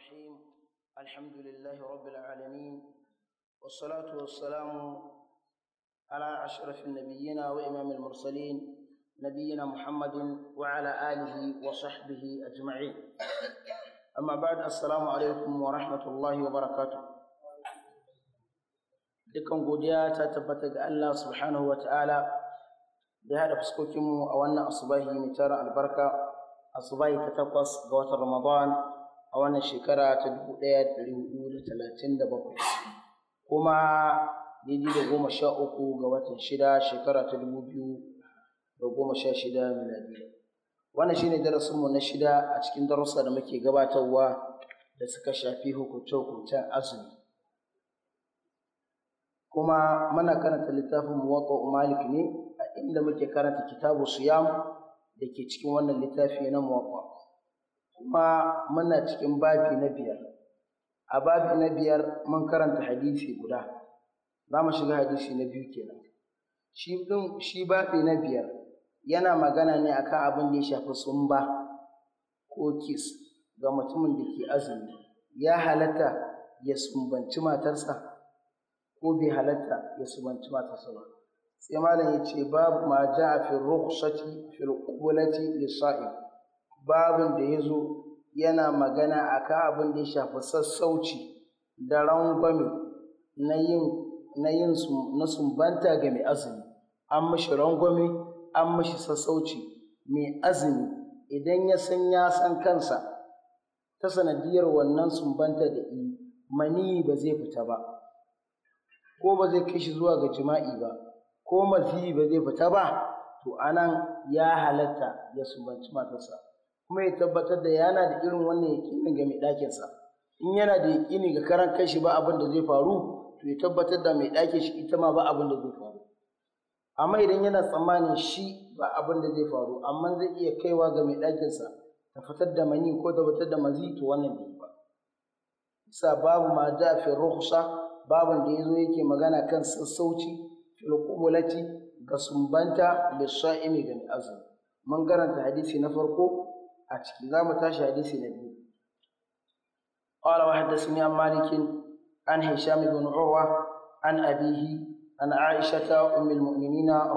الرحيم الحمد لله رب العالمين والصلاة والسلام على أشرف النبيين وإمام المرسلين نبينا محمد وعلى آله وصحبه أجمعين أما بعد السلام عليكم ورحمة الله وبركاته dukkan godiya ta tabbata ga Allah subhanahu wa ta'ala da ya haɗa fuskokinmu a wannan asubahi mai tara albarka asubahi ta takwas ga watan ramadan a wannan shekara ta 1437 kuma daidai da goma sha uku ga watan shida shekara ta 2016 miladiya wannan shine darasinmu na shida a cikin darussa da muke gabatarwa da suka shafi hukunce-hukuncen azumi kuma muna karanta littafin muwaka malik ne a inda muke karanta kitabu siyam da ke cikin wannan littafi na muwaka kuma muna cikin babi na biyar a babi na biyar mun karanta hadisi guda za mu shiga hadisi na biyu kenan shi ɗin shi babi na biyar yana magana ne akan abin da ya shafi sumba ko kis ga mutumin da ke azumi ya halatta ya sumbanci matarsa ko bai halatta ya sumbanci matarsa ba sai malam ya ce babu ma a fi rukhsati fil qulati lisa'il babin da ya zo yana magana a kan abin da ya shafi sassauci da rangwame na yin na sumbanta ga mai azumi an mashi rangwame an mashi sassauci mai azumi idan ya san ya san kansa ta sanadiyar wannan sumbanta da yi mani ba zai fita ba ko ba zai kashi zuwa ga jima'i ba ko mafi ba zai fita ba to anan ya halatta ya sumbanci matarsa kuma ya tabbatar da yana da irin wannan yaƙinin ga mai ɗakinsa in yana da yakini ga karan kanshi ba abin da zai faru to ya tabbatar da mai ɗakin shi ita ma ba abin da zai faru amma idan yana tsammanin shi ba abin da zai faru amma zai iya kaiwa ga mai ɗakinsa ta fitar da mani ko ta fitar da mazi to wannan bai ba sa babu ma da fi ruhsa babu da yazo yake magana kan sassauci fil ga sumbanta lissa'imi ga azumi mun karanta hadisi na farko a za mu tashi hadisi na biyu ƙwara wa haddasa malikin an hisham ibn urwa an abihi an aishata ta ummul mu'minina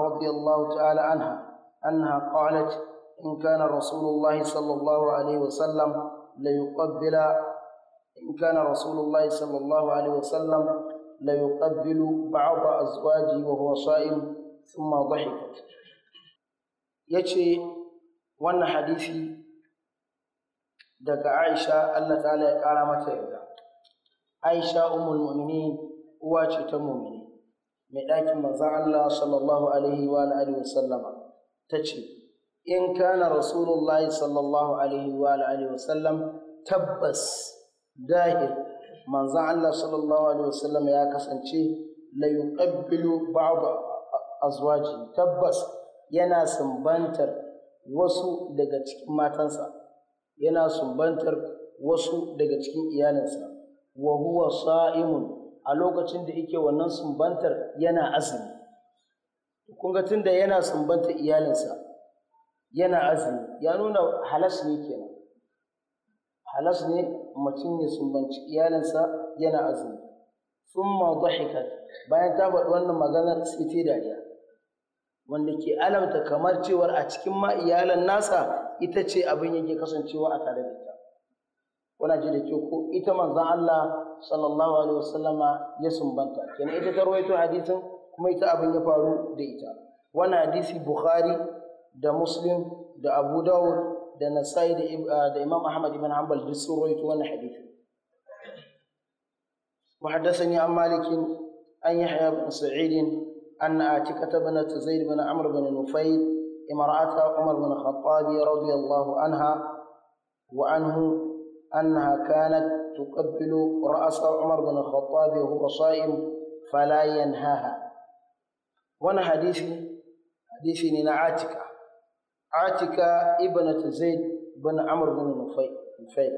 ta'ala anha annaha qalat in kana rasulullahi sallallahu alaihi wa sallam la yuqabbila in kana rasulullahi sallallahu alaihi wa sallam la yuqabbilu ba'd azwaji wa huwa sha'im thumma dhahikat yace wannan hadisi daga Aisha Allah ta'ala ya ƙara mata yarda Aisha ummul mu'minin uwa ce ta mu'mini mai ɗakin manzon Allah sallallahu alaihi wa alihi wasallama tace in kana rasulullahi sallallahu alaihi wa alihi wasallam tabbas dahir manzon Allah sallallahu alaihi wasallam ya kasance la yuqabbilu ba'd azwaji tabbas yana sumbantar wasu daga cikin matansa yana sumbantar wasu daga cikin iyalinsa wa huwa sa'imun a lokacin da yake wannan sumbantar yana azumi kun ga tunda yana sumbantar iyalinsa yana azumi ya nuna halas ne kenan halas ne mutum ya sumbanci iyalinsa yana azumi Sun ma dhahikat bayan ta faɗi wannan maganar sai ta dariya wanda ke alamta kamar cewar a cikin ma iyalan nasa ita ce abin yake kasancewa a tare da ita kuna ji da ke ko ita manzan Allah sallallahu alaihi wasallama ya sumbanta kenan ita ta rawaito hadisin kuma ita abin ya faru da ita wannan hadisi Bukhari da Muslim da Abu Dawud da Nasa'i da ah, Imam Ahmad ibn Hanbal duk sun rawaito wannan hadisi وحدثني عن مالك عن يحيى بن سعيد أن عاتكة بنت زيد بن عمرو بن نفيل امرأة عمر بن الخطاب رضي الله عنها وعنه أنها كانت تقبل رأس عمر بن الخطاب وهو صائم فلا ينهاها وانا حديثي حديثي لنا عاتكة عاتكة ابنة زيد بن عمرو بن نفيل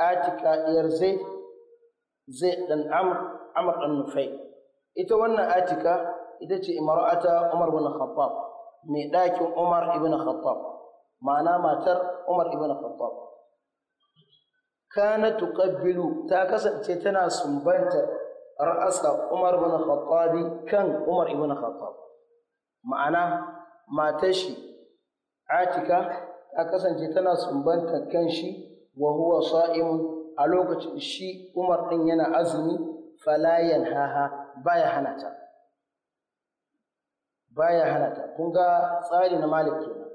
عاتكة ير زيد زيد بن عمرو عمرو بن نفيل ita wannan atika ita ce imra'ata Umar bin Khattab mai ɗakin Umar ibn Khattab ma'ana matar Umar ibn Khattab kana tuqabbilu ta kasance tana sumbanta ra'asa Umar ibn Khattab kan Umar ibn Khattab ma'ana matar shi Atika ta kasance tana sumbanta kan shi wa huwa sa'im a lokacin shi Umar din yana azumi fala yanhaha baya hana ta baya hana ta kun ga tsari na malik kenan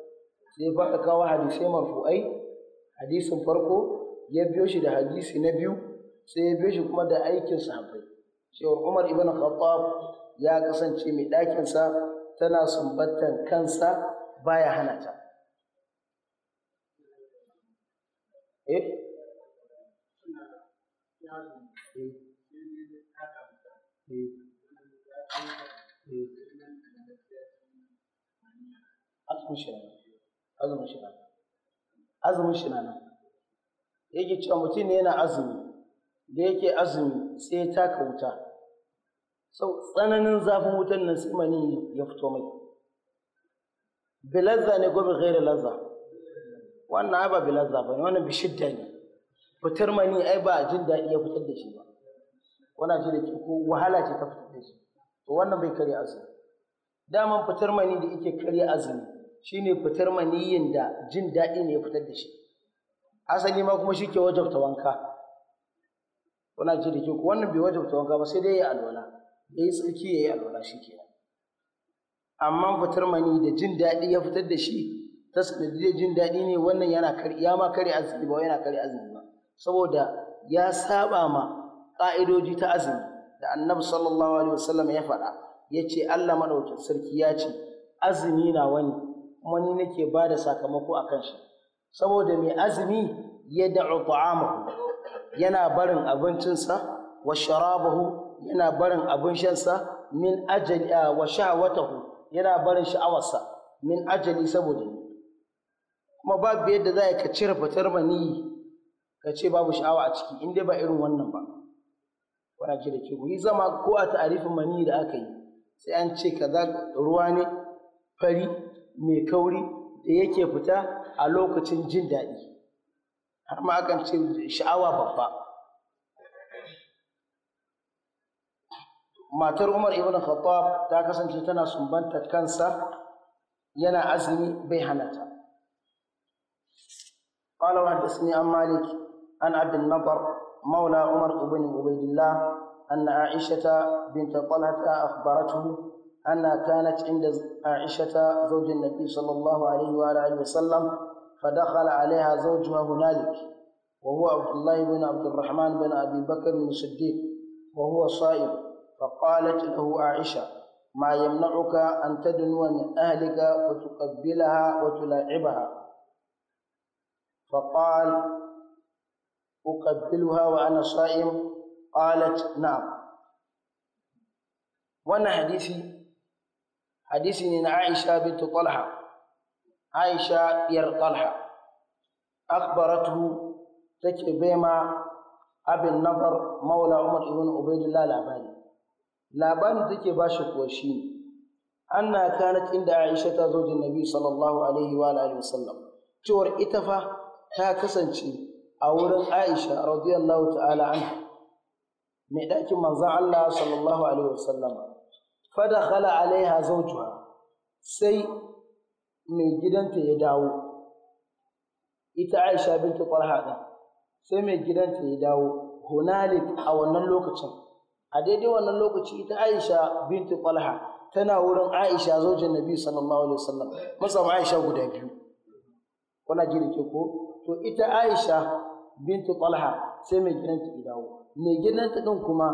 sai ba ka kawo hadisai marfu'ai hadisin farko ya biyo shi da hadisi na biyu sai ya biyo shi kuma da aikin sahabbai cewar umar ibn khattab ya kasance mai ɗakinsa tana sumbatan kansa baya hana ta eh eh eh azumin shi nan azumin shi nan azumin shi nan yake cewa mutum ne yana azumi da yake azumi sai ya taka wuta sau tsananin zafin wutan nan sai mani ya fito mai bilazza ne gobe gairar lazza wannan ai ba bilazza ba ne wannan bishidda ne fitar mani ai ba jin daɗi ya fitar da shi ba wannan ce da ke ko wahala ce ta fitar da shi to wannan bai karya azumi daman fitar mani da yake karya azumi Shi ne fitar maniyin da jin daɗi ne ya fitar da shi asali ma kuma shi ke wajabta wanka kuna ji da ke wannan bai wajabta wanka ba sai dai ya alwala ya yi tsarki ya yi alwala shi ke amma fitar mani da jin daɗi ya fitar da shi ta sanadiyar jin daɗi ne wannan yana kari ya ma kari azumi ba yana kari azumi ba saboda ya saba ma ƙa'idoji ta azumi da annabi sallallahu alaihi wasallam ya faɗa ya ce allah maɗaukin sarki ya ce azumi na wani kuma nake ba da sakamako a kan shi saboda mai azumi ya da'u ta'amahu yana barin abincinsa wa sharabahu yana barin abin shansa min ajali wa sha'awatahu yana barin sha'awarsa min ajali saboda ni kuma babu yadda za a ka cire fitar maniyi ka ce babu sha'awa a ciki in dai ba irin wannan ba Wani ce da ke yi zama ko a ta'arifin mani da aka yi sai an ce ka za ruwa ne fari mai kauri da yake fita a lokacin jin daɗi har ma akan ce sha'awa babba matar umar ibn khattab ta kasance tana sumbanta kansa yana azumi bai hana ta قال وحدثني عن مالك عن عبد النضر مولى عمر بن عبيد الله أن عائشة بنت طلحة أخبرته أنها كانت عند عائشة زوج النبي صلى الله عليه وآله وسلم فدخل عليها زوجها هنالك وهو عبد الله بن عبد الرحمن بن أبي بكر بن الصديق وهو صائم فقالت له عائشة ما يمنعك أن تدنو من أهلك وتقبلها وتلاعبها فقال أقبلها وأنا صائم قالت نعم wannan hadisi hadisi ne na Aisha bintu Talha Aisha biyar Talha akhbaratu take bema abin nafar maula Umar ibn Ubaidillah labari labarin take ba shi kuwa shi anna kanat inda Aisha ta zo da Nabi sallallahu alaihi wa alihi wasallam cewar ita fa ta kasance a wurin Aisha radiyallahu ta'ala anha mai ɗakin manzon Allah sallallahu alaihi wasallama fadakhala alaiha zawjuha sai mai gidanta ya dawo ita aisha binti talha din sai mai gidanta ya dawo hunalik a wannan lokacin a daidai wannan lokaci ita aisha binti talha tana wurin aisha zojin nabi sallallahu alaihi wasallam ma aisha guda biyu kuna ji ke ko to ita aisha binti talha sai mai gidanta ya dawo mai gidanta din kuma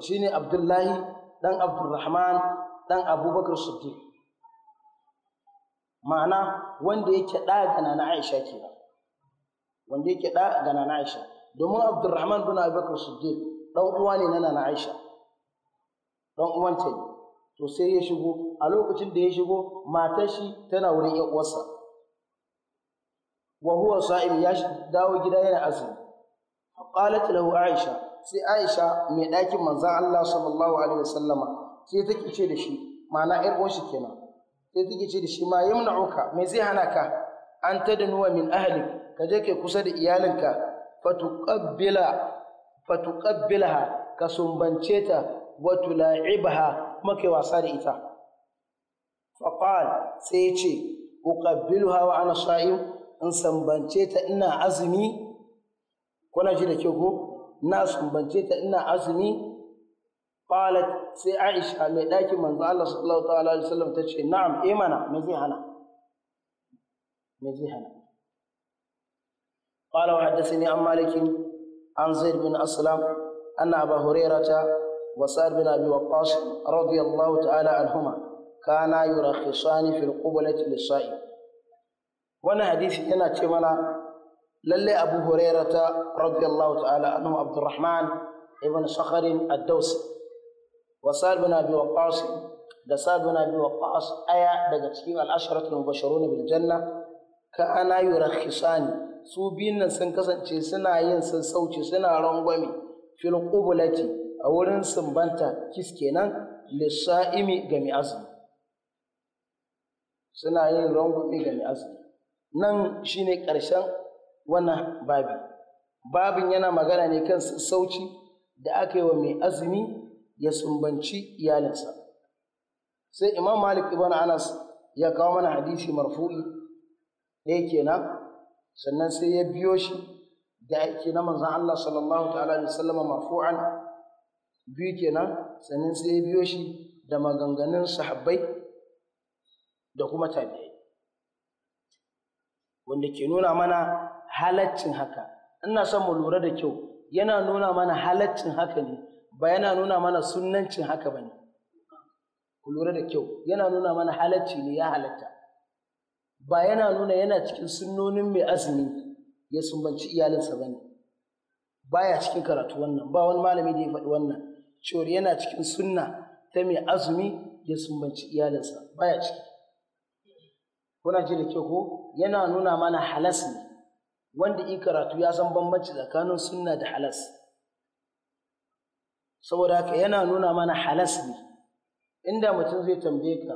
shine abdullahi dan abdurrahman dan abubakar siddiq ma'ana wanda yake ɗa gana na Aisha kenan wanda yake ɗa gana na Aisha domin Abdurrahman bin Abubakar Siddiq dan uwa ne na nana Aisha dan uwanta ne to sai ya shigo a lokacin da ya shigo matar shi tana wurin ƴan uwarsa wa huwa sa'im ya dawo gida yana azumi qalat lahu Aisha sai Aisha mai ɗakin manzon Allah sallallahu alaihi wasallama sai take ce da shi ma'ana ƴar uwar kenan sai take ce da shi ma yi yamna'uka mai zai hana ka an ta nuwa min ahali. ka je kai kusa da iyalinka fatuqabbila ha ka sumbance ta wa ha kuma kai wasa da ita Fafal sai ce uqabbiluha wa ana sha'im in sumbance ta ina azumi kuna ji da kyau ko na sumbance ta ina azumi qalat sai aisha mai ɗakin manzo Allah sallallahu ta'ala alaihi wasallam ta ce na'am imana eh mana me zai hana me zai hana qala wa haddathani an malik an zaid bin aslam anna abu hurairata wa sa'd bin abi waqqas radiyallahu ta'ala anhuma kana yurakhisani fil qublati lis-sa'i wannan hadisi yana ce mana lalle abu hurairata radiyallahu ta'ala anhu abdurrahman ibn sakharin ad-dawsi wa sa'ad bin abi da sa'ad bin abi aya daga cikin al-asharatul mubashshirun bil janna ka ana yurakhisani su biyun nan sun kasance suna yin sassauci suna rangwame fil qubulati a wurin sumbanta kiskenan kenan lissa'imi ga mai azumi suna yin rangwame ga mai azumi nan shine ƙarshen wannan babin babin yana magana ne kan sassauci da aka yi wa mai azumi ya sumbanci iyalinsa sai imam malik ibn anas ya kawo mana hadisi marfu'i ne kenan sannan sai ya biyo shi da aiki na manzan Allah sallallahu ta'ala da sallama marfu'an biyu kenan sannan sai ya biyo shi da maganganun sahabbai da kuma tabi'ai wanda ke nuna mana halaccin haka ina son mu lura da kyau yana nuna mana halaccin haka ne ba yana nuna mana sunnancin haka ba ne ku lura da kyau yana nuna mana halacci ne ya halatta ba yana nuna yana cikin sunnonin mai azumi ya sumbanci iyalinsa ba ne baya cikin karatu wannan ba wani malami da ya faɗi wannan cewar yana cikin sunna ta mai azumi ya sumbanci iyalinsa baya ciki kuna ji da kyau ko yana nuna mana halas ne wanda i karatu ya san bambanci tsakanin sunna da halas saboda haka yana nuna mana halas ne inda mutum zai tambaye ka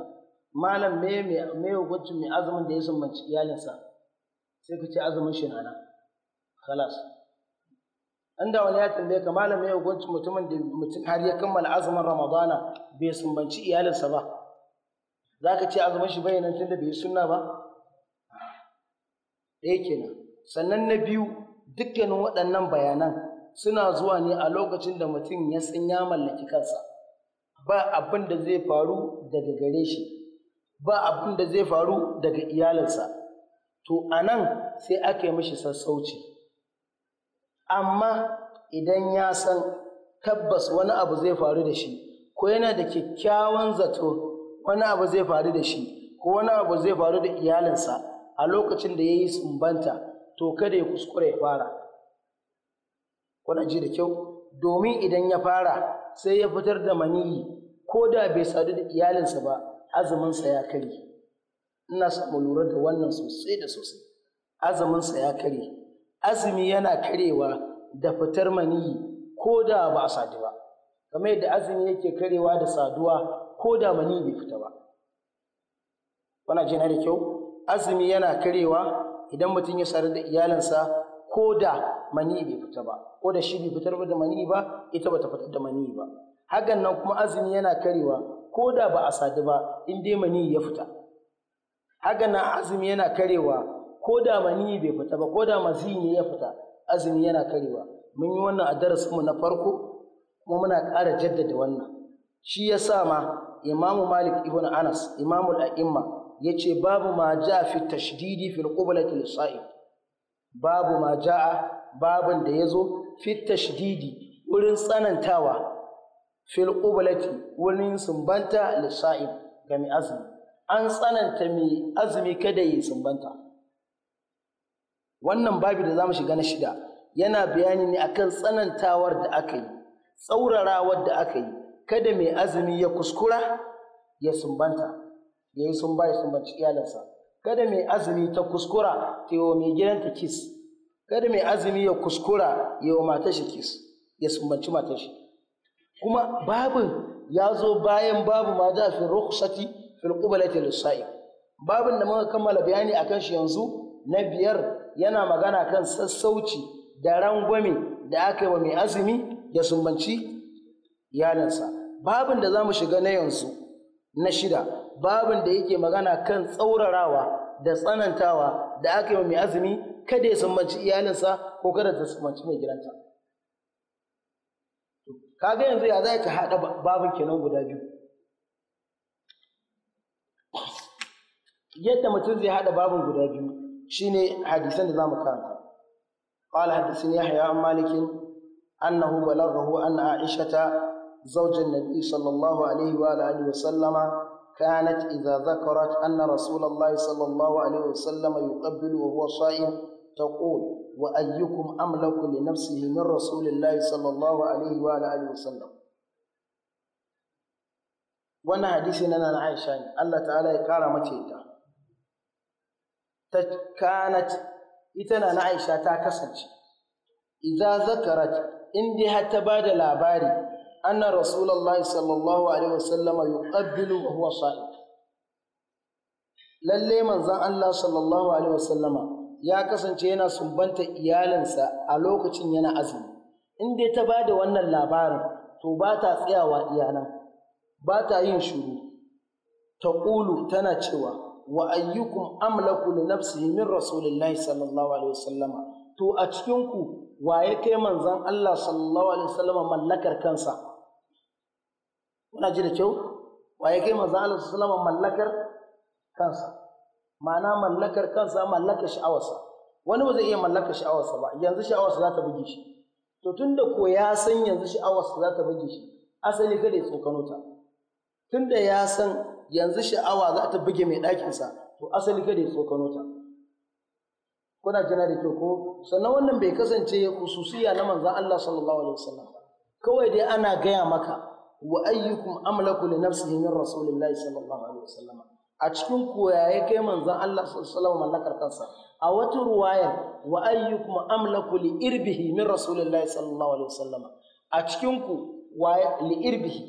malam me me gwajin mai azumin da ya sumbanci iyalinsa sai ka ce azumin shi nana halas inda wani ya tambaye ka malam me gwajin mutumin da mutum har ya kammala azumin ramadana bai sumbanci iyalinsa ba za ka ce azumin shi bayanan tun da bai yi sunna ba ɗaya kenan sannan na biyu dukkanin waɗannan bayanan suna zuwa ne a lokacin da mutum ya san ya mallaki kansa ba abin da zai faru daga gare shi ba abin da zai faru daga iyalinsa to a nan sai aka yi mishi sassauci amma idan ya san tabbas wani abu zai faru da shi ko yana da kyakkyawan zato wani abu zai faru da shi ko wani abu zai faru da iyalinsa a lokacin da ya yi sumbanta to kada ya kuskure ya fara wani ji da kyau domin idan ya fara sai ya fitar da maniyi ko da bai sadu da iyalinsa ba azuminsa ya kare ina samu lura da wannan sosai da sosai azuminsa ya kare azumi yana karewa da fitar maniyi ko da ba a sadu ba kamar yadda azumi yake karewa da saduwa ko da maniyi bai fita ba wana jina da kyau azumi yana karewa idan mutum ya sadu da iyalinsa ko da mani bai fita ba ko da shi bai fitar da mani ba ita bata fitar da mani ba hakan nan kuma azumi yana karewa ko da ba a sadu ba in dai mani ya fita hakan nan azumi yana karewa ko da mani bai fita ba ko da mazini ya fita azumi yana karewa mun yi wannan a mu na farko kuma muna ƙara jaddada wannan shi ya sa ma imamu malik ibn anas imamu al'imma ya ce babu ma ja fi tashdidi fil qublati sa'i babu ma ja'a babin da ya zo fit tashdidi wurin tsanantawa fil qublati wurin sumbanta lisa'ib ga mai azumi an tsananta mai azumi kada yi sumbanta wannan babi da za mu shiga na shida yana bayani ne akan tsanantawar da aka yi tsaurarawar da aka yi kada mai azumi ya kuskura ya sumbanta ya yi sumba ya sumbanci iyalinsa kada mai azumi ta kuskura ta yi wa mai gidanta kiss kada mai azumi ya kuskura ya wa matashi, kis ya sumbanci kuma babu ya zo bayan babu ma da fi rukhsati fil qubalati lisai babin da muka kammala bayani akan shi yanzu na biyar yana magana kan sassauci da rangwame da aka yi wa mai azumi ya sumbanci yanarsa. babin da za mu shiga na yanzu na shida babin da yake magana kan tsaurarawa da tsanantawa da aka yi wa mai azumi kada ya sammanci iyalinsa ko kada ta sammanci mai gidanta kaga yanzu ya za ka haɗa babin kenan guda biyu yadda mutum zai haɗa babin guda biyu shine hadisan da za mu karanta قال حدثني يحيى عن مالك أنه بلغه أن عائشة زوج النبي صلى الله عليه وآله وسلم كانت إذا ذكرت أن رسول الله صلى الله عليه وسلم يقبل وهو صائم تقول وأيكم أملك لنفسه من رسول الله صلى الله عليه وعلى آله وسلم وانا حديثنا أنا عائشة الله تعالى يقال متى كانت إتنا عائشة تاكسنش إذا ذكرت إندي حتى بعد الأباري أن رسول الله صلى الله عليه وسلم يقبل وهو صائم للي من الله صلى الله عليه وسلم ya kasance yana sumbanta iyalinsa a lokacin yana azumi in dai ta da wannan labarin to ba ta tsayawa iyalan ba ta yin shuru ta ƙulu tana cewa wa ayyukum amlaku li nafsihi min rasulillahi sallallahu alaihi wasallama to a cikin ku waye kai manzon Allah sallallahu alaihi wasallama mallakar kansa kuna ji da kyau waye kai manzon Allah sallallahu alaihi wasallama mallakar kansa ma'ana mallakar kansa mallakar sha'awarsa wani ba zai iya mallakar sha'awarsa ba yanzu sha'awarsa za ta buge shi to tunda ko ya san yanzu sha'awarsa za ta buge shi asali kada ya tsokano ta tunda ya san yanzu sha'awa za ta buge mai ɗakinsa to asali kada ya tsokano ta kuna jina da kyau ko sannan wannan bai kasance hususiya na manzon Allah sallallahu alaihi wasallam kawai dai ana gaya maka wa ayyukum amlaku li nafsihi min rasulillahi sallallahu alaihi wasallam a cikin koya ya kai manzan Allah sallallahu mallakar kansa a wata ruwayar wa ayyukum amlaku li irbihi min rasulillahi sallallahu alaihi wasallam a cikin ku wa li irbihi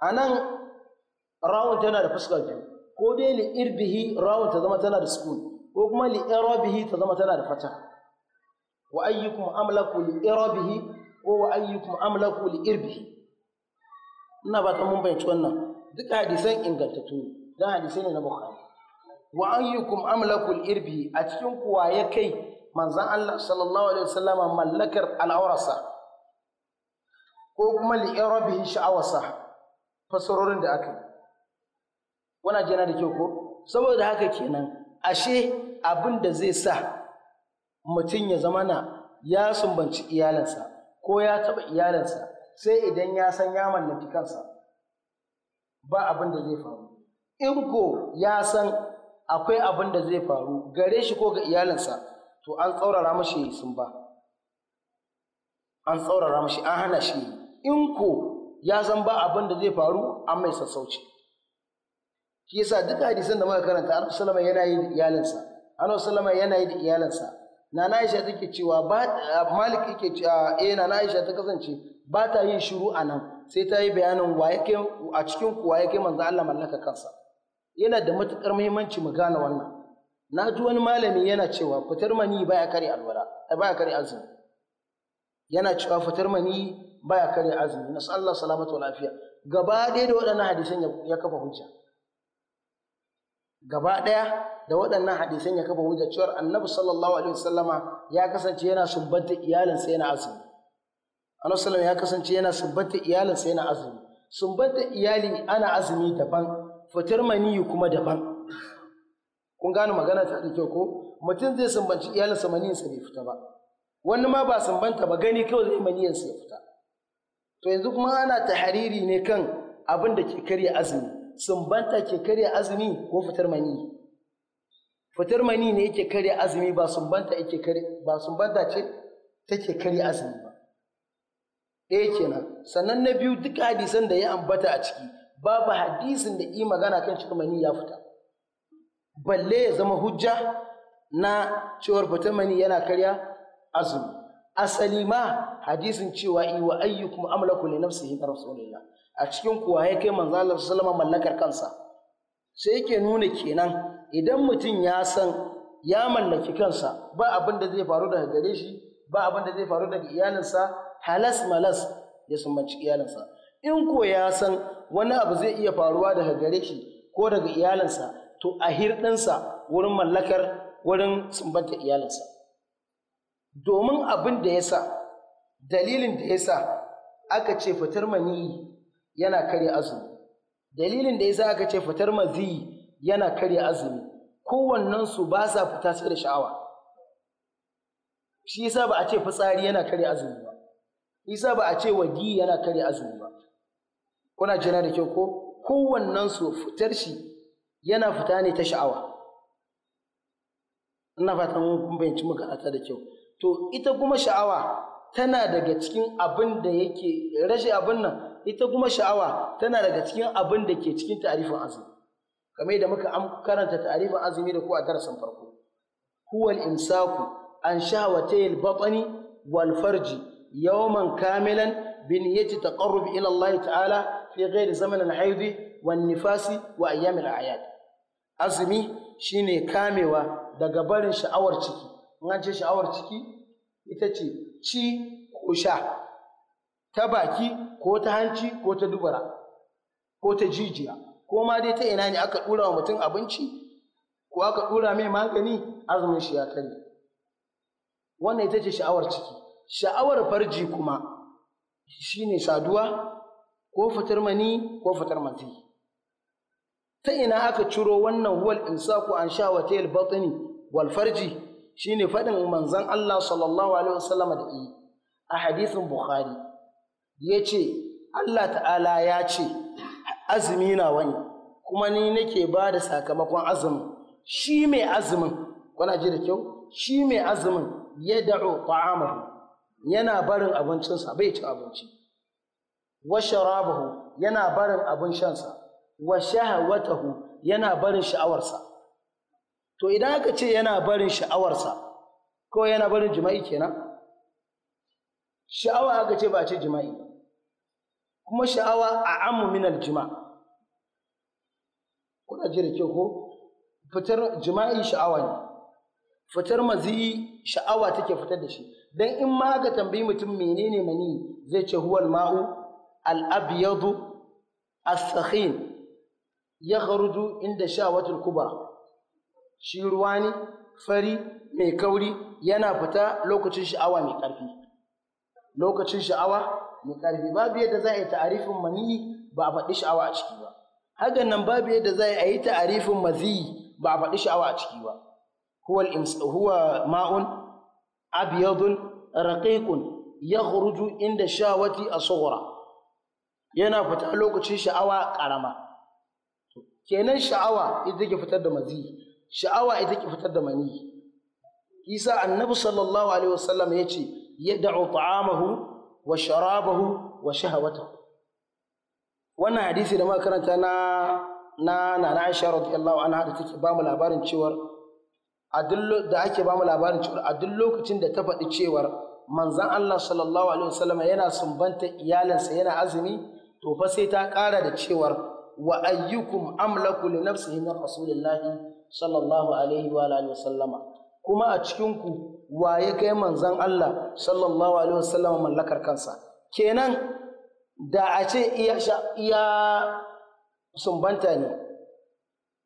anan rawun tana da fuska biyu ko dai li irbihi rawun ta zama tana da sukun ko kuma li irabihi ta zama tana da fata wa ayyukum amlaku li irabihi ko wa ayyukum amlaku li irbihi ina ba ta mun bayyana wannan duk hadisan ingantattu ne dan hadisai ne na bukhari wa ayyukum amlakul irbi a cikin kuwa ya kai Manzon Allah sallallahu alaihi wasallama mallakar al'aurarsa ko kuma li'irabihi sha'awarsa fasarorin da aka wana jana da kyau ko saboda haka kenan ashe abin da zai sa mutum ya zama na ya sumbanci iyalinsa ko ya taɓa iyalinsa sai idan ya san ya mallaki kansa ba abin da zai faru In ko ya san akwai abin da zai faru gare shi ko ga iyalinsa to an tsaurara mashi sun ba an tsaurara mashi an hana shi in ko ya san ba abin da zai faru an mai sassauci shi yasa duk hadisan da muka karanta annabi sallama yana yi da iyalinsa annabi sallama yana yi da iyalinsa nana aisha take cewa ba malik yake cewa eh nana aisha ta kasance ba ta yin shiru a nan sai ta yi bayanin wa yake a cikin kuwa yake manzo Allah mallaka kansa yana da matuƙar muhimmanci mu gane wannan na ji wani malami yana cewa fitar mani baya kare alwala eh, baya kare azumi yana cewa fitar mani baya kare azumi nasu Allah salamatu wa lafiya gaba ɗaya da waɗannan hadisan ya kafa hujja gaba ɗaya da waɗannan hadisan ya kafa hujja cewar annabi sallallahu alaihi wasallama ya kasance yana sumbanta iyalinsa yana azumi annabi sallallahu ya kasance yana sumbanta iyalinsa yana azumi sumbanta iyali ana azumi daban fitar maniyu kuma daban kun gane magana ta da kyau ko mutum zai sumbanci iyalinsa maniyinsa bai fita ba wani ma ba sumbanta ba gani kawai zai maniyinsa ya fita to yanzu kuma ana tahariri ne kan abin da ke karya azumi sumbanta ke karya azumi ko fitar mani? fitar mani ne yake karya azumi ba sumbanta yake karya ba sumbanta ce take karya azumi ba ɗaya kenan sannan na biyu duka hadisan da ya ambata a ciki babu hadisin da yi magana kan cikin ya fita balle ya zama hujja na cewar fita mani yana karya azumi asali ma hadisin cewa yi wa ayyukum na li nafsihi rasulullah a cikin kuwa ya kai manzo Allah sallama mallakar kansa sai yake nuna kenan idan mutum ya san ya mallaki kansa ba abin da zai faru daga gare shi ba abin da zai faru daga iyalinsa halas malas ya sumbanci iyalinsa in ko ya san wani abu zai iya faruwa daga gare shi ko daga iyalinsa to a hirɗinsa wurin mallakar wurin sumbanta iyalinsa domin abin da ya sa dalilin da ya sa aka ce fitar maniyi yana karya azumi dalilin da ya sa aka ce fitar maziyi yana karya azumi kowannensu ba sa fita sai da sha'awa shi yasa ba a ce fitsari yana karya azumi ba yasa ba a ce wadi yana karya azumi ba kuna jina da kyau ko kowannensu fitar shi yana fita ne ta sha'awa ina fatan kun bayyanci maganata da kyau to ita kuma sha'awa tana daga cikin abin da yake rashin abin nan ita kuma sha'awa tana daga cikin abin da ke cikin ta'arifin azumi kamar yadda muka karanta ta'arifin azumi da ku a darasin farko huwa imsaku an shahawatayil batani wal farji yawman kamilan bin niyyati taqarrub ila Allah ta'ala fi ghairi zaman al-haidi wan nifasi wa ayyamil ayad azumi shine kamewa daga barin sha'awar ciki in an ce sha'awar ciki ita ce ci ko sha ta baki ko ta hanci ko ta dubara ko ta jijiya ko ma dai ta ina ne aka dura wa mutum abinci ko aka dura mai magani azumin shi ya kare wannan ita ce sha'awar ciki sha'awar farji kuma shine saduwa ko fitar mani ko fitar mati ta ina aka ciro wannan huwal imsaku an sha shawatil batni wal farji shine faɗin manzon Allah sallallahu alaihi wasallam da yi a hadisin bukhari yace Allah ta'ala ya ce azumi na wani kuma ni nake ba da sakamakon azumin shi mai azumin kuna ji da kyau shi mai azumin ya da'u ta'amahu yana barin abincinsa bai ci abinci wa sharabahu yana barin abin shansa wa shahawatahu yana barin sha'awarsa to idan aka ce yana barin sha'awarsa ko yana barin jima'i kenan sha'awa aka ce ba a ce jima'i kuma sha'awa a ammu min aljima kuna ji da ko fitar jima'i sha'awa ne fitar mazi sha'awa take fitar da shi dan in ma ga tambayi mutum menene mani zai ce huwal ma'u al'abiyadu as-sakhin ya kharuju inda shawatul kubra shi fari mai kauri yana fita lokacin sha'awa mai ƙarfi lokacin sha'awa mai ƙarfi babu yadda za a yi ta'arifin maniyi ba a faɗi sha'awa a ciki ba hakan nan babu yadda za a yi ta'arifin maziyi ba a faɗi sha'awa a ciki ba huwa ma'un abiyadun raqiqun yakhruju inda shawati as-sughra yana fita lokacin sha'awa ƙarama kenan sha'awa ita take fitar da mazi sha'awa ita take fitar da mani isa annabi sallallahu alaihi wasallam ya ce yad'u ta'amahu wa sharabahu wa shahawata wannan hadisi da muka karanta na na na Aisha radiyallahu anha da take ba mu labarin cewar a da ake ba mu labarin cewar a duk lokacin da ta faɗi cewar Manzan Allah sallallahu alaihi wasallam yana sumbanta iyalansa yana azumi to fa sai ta ƙara da cewar wa ayyukum amlaku li nafsihi min rasulillahi sallallahu alaihi wa alihi wasallama kuma a cikin ku waye kai manzon Allah sallallahu alaihi wasallama mallakar kansa kenan da a ce iya iya sumbanta ne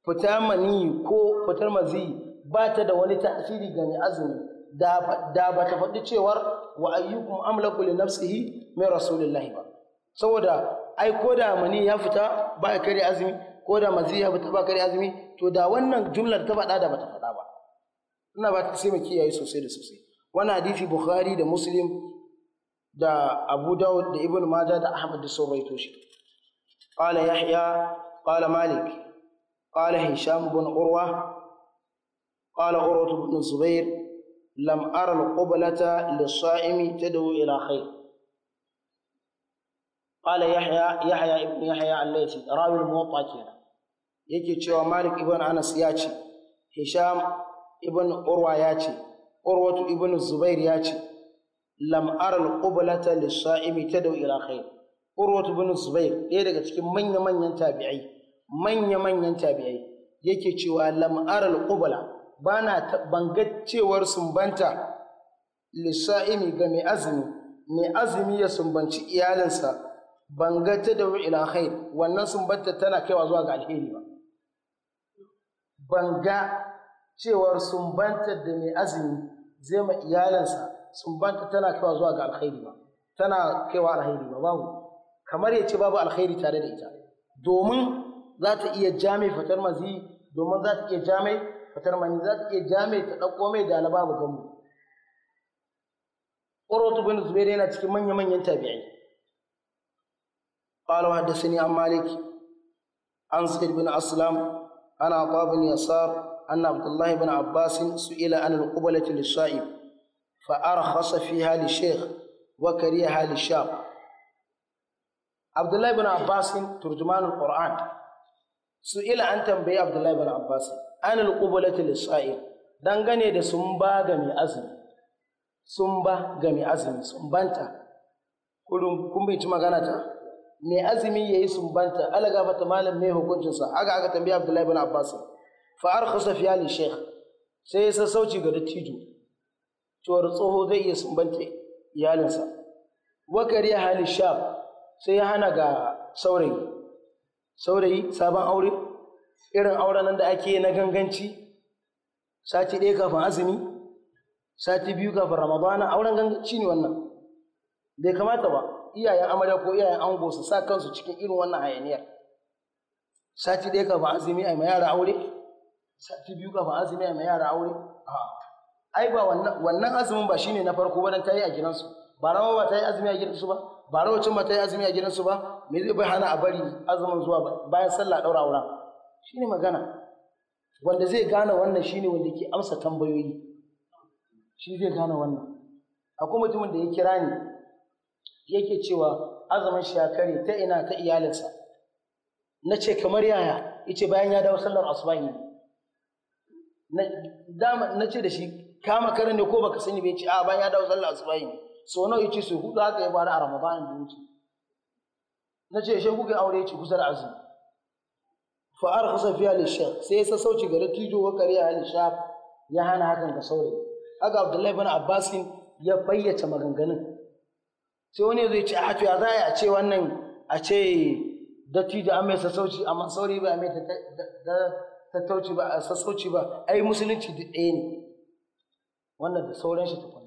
fita mani ko fitar mazi ba ta da wani tasiri ga mai azumi da ba ta faɗi cewar wa ayyukum amlaku li nafsihi min rasulillahi ba saboda ai ko da mani ya fita ba ya kare azumi ko da mazi ya fita ba kare azumi to da wannan jumlar ta faɗa da bata faɗa ba ina ba ta sai kiyaye sosai da sosai wannan hadisi bukhari da muslim da abu dawud da ibn majah da ahmad da sauraito shi qala yahya qala malik qala hisham bin urwa qala urwa bin zubair lam ara al-qiblata lis-sa'imi tad'u ila khair qala yahya yahya ibn yahya al-laythi rawi al-muwatta kenan yake cewa malik ibn anas ya ce hisham ibn urwa ya ce urwatu ibn zubair ya ce lam ara al-qiblata lis-sa'imi tad'u ila khair urwatu ibn zubair ɗaya daga cikin manya manyan tabi'ai manya manyan tabi'ai yake cewa lam ara al-qibla bana banga cewar sumbanta lis-sa'imi ga mai azumi mai azumi ya sumbanci iyalinsa ban ga ta da ila khair wannan sumbatta tana kaiwa zuwa ga alheri ba ban ga cewar sumbantar da mai azumi zai ma iyalansa, sumbanta tana kaiwa zuwa ga alheri ba tana kaiwa alheri ba babu kamar ya ce babu alheri tare da ita domin za ta iya jami fatar mazi domin za ta iya jami fatar mani za ta iya jami ta ɗauko mai da na babu gamu ƙorotu bin zubair yana cikin manya-manyan tabi'ai قال وحدثني عن مالك عن زيد بن أسلم عن عطاء بن يسار أن عبد الله بن عباس سئل عن القبلة للصائب فأرخص فيها للشيخ وكرهها للشاب عبد الله بن عباس ترجمان القرآن سئل عن تنبيه عبد الله بن عباس عن القبلة للصائب dangane da sumba ga mai azumi sumba ga mai azumi sumbanta kun bai ci magana ta mai azumi ya yi sumbanta alaga fata malam mai hukuncin sa haka aka tambaya Abdullahi bin Abbas fa arkhasa fi ali sheikh sai ya sauci ga dattijo cewar tsoho zai iya sumbanta iyalinsa wakari ya hali shaf sai ya hana ga saurayi saurayi sabon aure irin auren nan da ake na ganganci sati ɗaya kafin azumi sati biyu kafin ramadana auren ganganci ne wannan bai kamata ba iyayen amarya ko iyayen ango su sa kansu cikin irin wannan hayaniyar sati ɗaya ka ba azumi a yara aure sati biyu ka ba azumi a yara aure ai ba wannan azumin ba shine na farko ba ta yi a gidansu ba rawa ba ta yi azumi a gidansu ba ba cin ba ta yi azumi a gidansu ba me zai bai hana a bari azumin zuwa bayan sallah ɗaura wurin shine magana wanda zai gane wannan shine wanda ke amsa tambayoyi shi zai gane wannan akwai mutumin da ya kira ni yake cewa azumin shi ya kare ta ina ta iyalinsa na ce kamar yaya yace bayan ya dawo sallar asuba ne na ce da shi ka karin ne ko baka sani bai ce a bayan ya dawo sallar asuba ne so nawa yace so hudu haka ya fara a ramadan da wuce na ce shi kuka aure yace kusa da azumi fa arkhasa fiha lishaf sai ya sassauci ga tijo wa kariya lishaf ya hana hakan ga saurayi haka abdullahi bin abbasin ya bayyace maganganun sai wani zai ce a ya za a ce wannan a ce da an mai sassauci amma sauri ba a mai tattauci ba a sassauci ba ai musulunci duk ɗaya ne wannan da sauran shi tukun